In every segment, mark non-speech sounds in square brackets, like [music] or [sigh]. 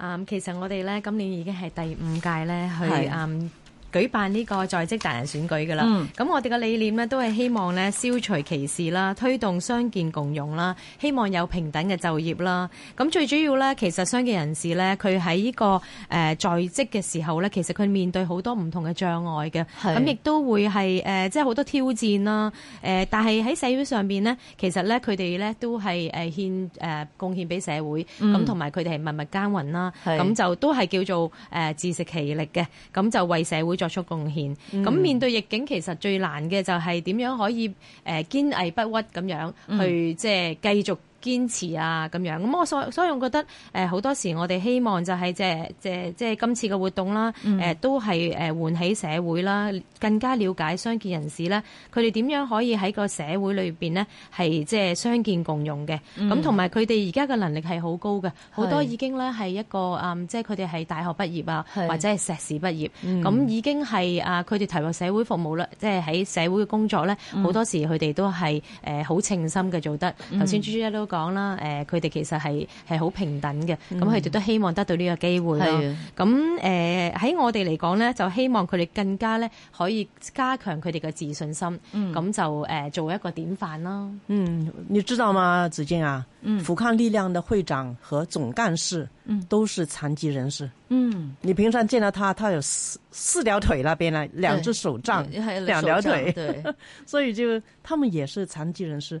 啊、um，其實我哋咧今年已經係第五屆咧，去啊。舉辦呢個在職達人選舉㗎啦，咁、嗯、我哋嘅理念呢，都係希望呢消除歧視啦，推動傷健共融啦，希望有平等嘅就業啦。咁最主要呢，其實傷健人士呢，佢喺呢個誒在職嘅時候呢，其實佢面對好多唔同嘅障礙嘅，咁亦都會係誒即係好多挑戰啦。誒、呃，但係喺社會上邊呢，其實呢，佢哋呢都係誒獻誒、呃、貢獻俾社會，咁同埋佢哋係默默耕耘啦，咁就都係叫做誒、呃、自食其力嘅，咁就為社會作出貢獻。咁面對逆境，其實最難嘅就係點樣可以誒堅毅不屈咁樣去即係繼續。堅持啊，咁樣，咁我所所以，我覺得誒好、呃、多時我哋希望就係即係即係即係今次嘅活動啦，誒、嗯呃、都係誒喚起社會啦，更加了解傷健人士啦。佢哋點樣可以喺個社會裏面呢？係即係傷健共融嘅，咁同埋佢哋而家嘅能力係好高嘅，好多已經咧係一個誒，即係佢哋係大學畢業啊，或者係碩士畢業，咁、嗯、已經係啊佢哋投入社會服務啦即係喺社會嘅工作咧，好、嗯、多時佢哋都係誒好稱心嘅做得。頭先朱朱都講啦，誒，佢哋其實係係好平等嘅，咁佢哋都希望得到呢個機會。咁誒喺我哋嚟講呢，就希望佢哋更加呢可以加強佢哋嘅自信心，咁、嗯、就誒做一個典範啦。嗯，你知道嗎，子敬啊？嗯，扶康力量的會長和總幹事，都是殘疾人士。嗯，你平常見到他，他有四四條腿那，那邊咧，兩隻手杖，兩條腿，對， [laughs] 所以就他們也是殘疾人士。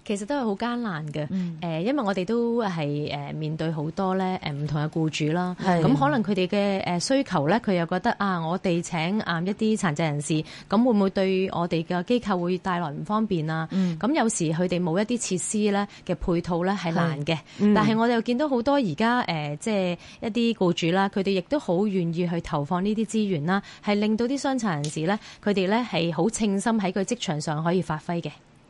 其實都係好艱難嘅，誒、嗯，因為我哋都係誒面對好多咧誒唔同嘅僱主啦，咁可能佢哋嘅誒需求咧，佢又覺得啊，我哋請啊一啲殘疾人士，咁會唔會對我哋嘅機構會帶來唔方便啊？咁、嗯、有時佢哋冇一啲設施咧嘅配套咧係難嘅，但係我哋又見到好多而家誒即係一啲僱主啦，佢哋亦都好願意去投放呢啲資源啦，係令到啲傷殘人士咧，佢哋咧係好稱心喺佢職場上可以發揮嘅。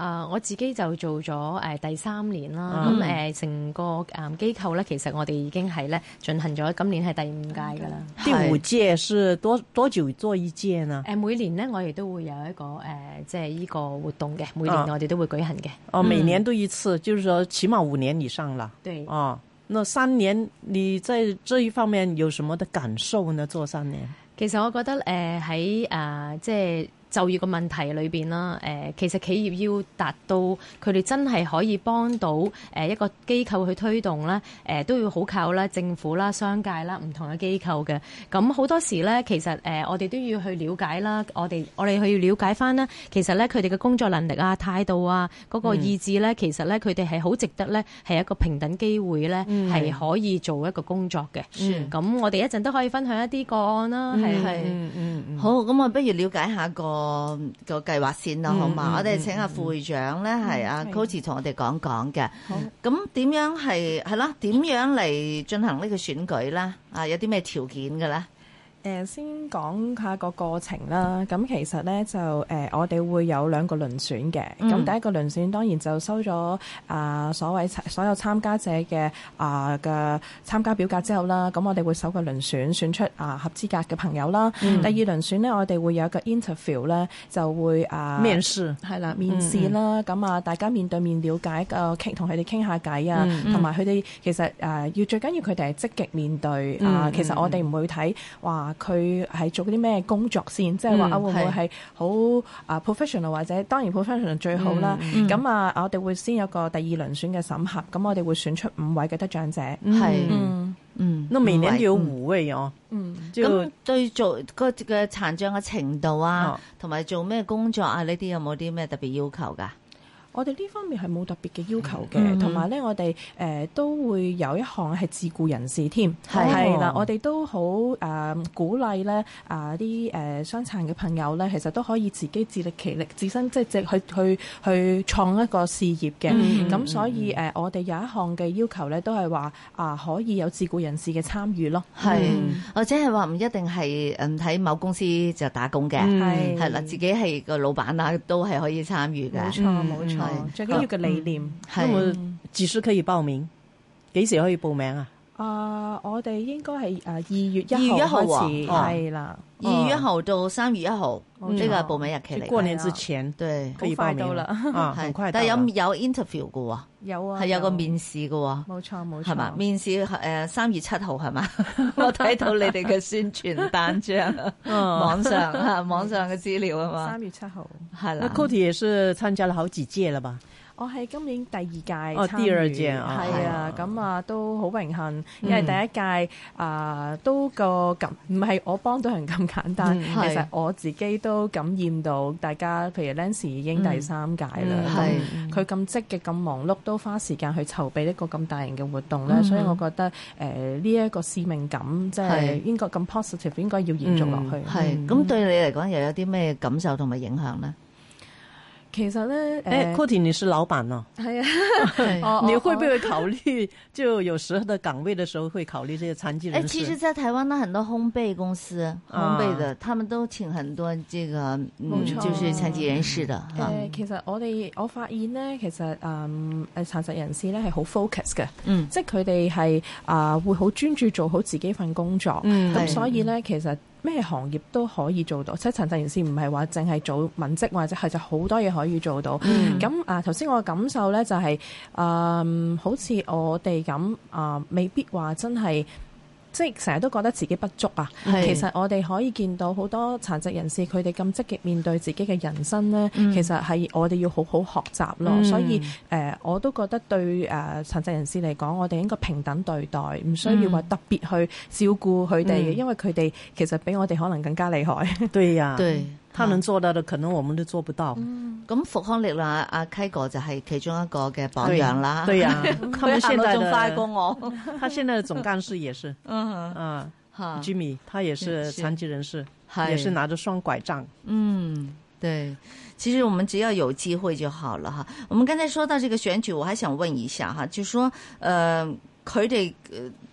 啊、呃！我自己就做咗誒、呃、第三年啦，咁誒成個誒機、呃、構咧，其實我哋已經係咧進行咗，今年係第五屆噶啦。第五屆是多，是多久做一屆呢？誒、呃、每年咧，我哋都會有一個誒，即係呢個活動嘅，每年我哋都會舉行嘅。哦、呃呃，每年都一次，嗯、就是說，起碼五年以上啦。對。哦、呃，那三年你在這一方面有什麼的感受呢？做三年？其實我覺得誒喺啊，即係。就業嘅問題裏邊啦，誒其實企業要達到佢哋真係可以幫到誒一個機構去推動咧，誒都要好靠啦政府啦、商界啦、唔同嘅機構嘅。咁好多時咧，其實誒我哋都要去了解啦，我哋我哋去要了解翻啦，其實咧佢哋嘅工作能力啊、態度啊、嗰個意志咧、嗯，其實咧佢哋係好值得咧，係一個平等機會咧，係可以做一個工作嘅。咁、嗯、我哋一陣都可以分享一啲個案啦，係、嗯、係嗯，好，咁我不如了解一下個。那個個計劃先啦，好嘛、嗯？我哋請阿副會長咧，係阿 Coach 同我哋講講嘅。咁點、啊、樣係係咯？點、啊、樣嚟進行呢個選舉啦？啊，有啲咩條件嘅咧？誒先講下個過程啦。咁其實咧就誒，我哋會有兩個輪選嘅。咁、嗯、第一個輪選當然就收咗啊，所謂所有參加者嘅啊嘅參加表格之後啦。咁我哋會首個輪選選出啊合資格嘅朋友啦、嗯。第二輪選呢，我哋會有一個 interview 呢，就會啊面試係啦，面試啦。咁、嗯、啊、嗯，大家面對面了解個傾，同佢哋傾下偈啊。同埋佢哋其實誒要最緊要佢哋係積極面對啊、嗯嗯。其實我哋唔會睇話佢係做啲咩工作先？即係話會唔會係好啊 professional，或者當然 professional 最好啦。咁、嗯、啊、嗯、咁我哋會先有一個第二輪選嘅審核。咁我哋會選出五位嘅得獎者。係，嗯，嗰個名咧叫胡嘅樣。嗯、咁、嗯嗯嗯、對做個嘅殘障嘅程度啊，同、哦、埋做咩工作啊，呢啲有冇啲咩特別要求噶？我哋呢方面係冇特別嘅要求嘅，同埋咧我哋誒、呃、都會有一項係自雇人士添，係啦，我哋都好誒、呃、鼓勵咧啊啲誒傷殘嘅朋友咧，其實都可以自己自力其力，自身即係去去去創一個事業嘅。咁、嗯、所以誒、呃、我哋有一項嘅要求咧，都係話啊可以有自雇人士嘅參與咯，係或者係話唔一定係誒喺某公司就打工嘅，係係啦，自己係個老闆啊，都係可以參與嘅，冇錯冇錯。最緊要嘅理念。咁我幾時可以報名？幾時可以報名啊？Uh, 們啊，我哋應該係二月一月一號係啦，二月一號到三月一號，呢、哦這個係報名日期嚟、嗯、過年之前，對，很快到啦、啊，但有有 interview 噶喎，有啊，係有，有個面試嘅喎，冇錯冇錯，係嘛？面試誒三、呃、月七號係嘛？ [laughs] 我睇到你哋嘅宣傳單張、 [laughs] 嗯，網上吓、啊、網上嘅資料啊嘛，三、嗯、月七號係啦 Cody 也是參加了好幾屆了吧？我係今年第二屆，係、哦 oh，啊，咁啊、嗯、都好榮幸。因為第一屆啊、呃、都個咁，唔係我幫到人咁簡單、嗯。其實我自己都感染到大家，譬如 Lance 已經第三屆啦，佢、嗯、咁、嗯嗯、積極、咁忙碌，都花時間去籌備一個咁大型嘅活動呢、嗯。所以我覺得誒呢一個使命感，即、就、係、是、應該咁 positive，應該要延續落去。係、嗯、咁對你嚟講又有啲咩感受同埋影響咧？其實咧，誒、欸，闊、呃、婷，Koty，你是老闆啊，係啊，啊 [laughs] 你會不會考慮就有時候的崗位的時候會考慮這些殘疾人士？誒、欸，其實，在台灣的很多烘焙公司、啊、烘焙的，他們都請很多這個，啊嗯、就是殘疾人士的。誒、啊嗯嗯，其實我哋我發現咧，其實誒殘、嗯、疾人士咧係好 focus 嘅，嗯，即係佢哋係啊會好專注做好自己份工作，咁、嗯、所以咧、嗯、其實。咩行業都可以做到，即係殘疾人士唔係話淨係做文職，或者係就好多嘢可以做到。咁、mm-hmm. 啊，頭先我嘅感受呢，就係、是，嗯、呃，好似我哋咁啊，未必話真係。即係成日都覺得自己不足啊！其實我哋可以見到好多殘疾人士佢哋咁積極面對自己嘅人生呢、嗯，其實係我哋要好好學習咯。嗯、所以、呃、我都覺得對誒、呃、殘疾人士嚟講，我哋應該平等對待，唔需要話特別去照顧佢哋嘅，因為佢哋其實比我哋可能更加厲害。對呀。對他能做到的，啊，可能我們都做不到。咁、嗯、復康力啦、啊，阿、啊、K 哥就係其中一個嘅榜樣啦。對呀、啊，佢 [laughs] 現在仲快過我。 [laughs] 他現在的總幹事也是，嗯、 [laughs] 啊，哈 [laughs] Jimmy 他也是殘疾人士，是也是拿着雙拐杖。嗯，對。其實我們只要有機會就好了哈。我們剛才說到這個選舉，我還想問一下哈、啊，就是、說，呃，佢哋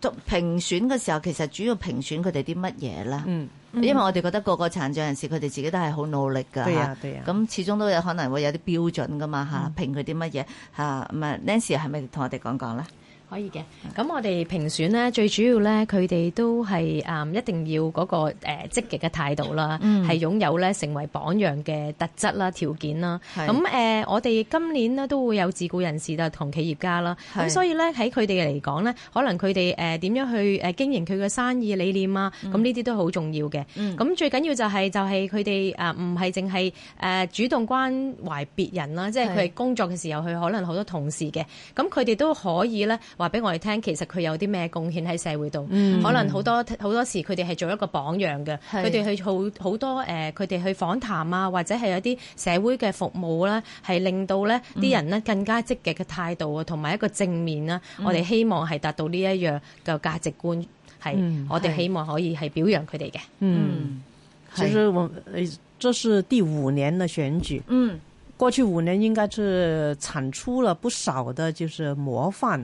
做評選嘅時候，其實主要評選佢哋啲乜嘢咧？嗯。嗯、因為我哋覺得個個殘障人士佢哋自己都係好努力㗎嚇咁、啊啊、始終都有可能會有啲標準㗎嘛嚇，評佢啲乜嘢嚇，咁啊，Nancy 係咪同我哋講講啦？可以嘅，咁我哋評選呢，最主要呢，佢哋都係誒、嗯、一定要嗰、那個誒、呃、積極嘅態度啦，係、嗯、擁有咧成為榜樣嘅特質啦、條件啦。咁誒、呃，我哋今年呢，都會有自僱人士同企業家啦。咁所以咧喺佢哋嚟講呢，可能佢哋誒點樣去誒經營佢嘅生意理念啊，咁呢啲都好重要嘅。咁、嗯、最緊要就係、是、就係佢哋誒唔係淨係誒主動關懷別人啦，即係佢哋工作嘅時候，佢可能好多同事嘅，咁佢哋都可以咧。話俾我哋聽，其實佢有啲咩貢獻喺社會度、嗯，可能好多好多時佢哋係做一個榜樣嘅，佢哋去好好多佢哋、呃、去訪談啊，或者係有啲社會嘅服務啦，係令到咧啲人更加積極嘅態度啊，同、嗯、埋一個正面啦。我哋希望係達到呢一樣嘅價值觀，係、嗯、我哋希望可以係表揚佢哋嘅。嗯，其實、嗯就是、我誒，這是第五年的選舉，嗯，過去五年應該是產出了不少的，就是模範。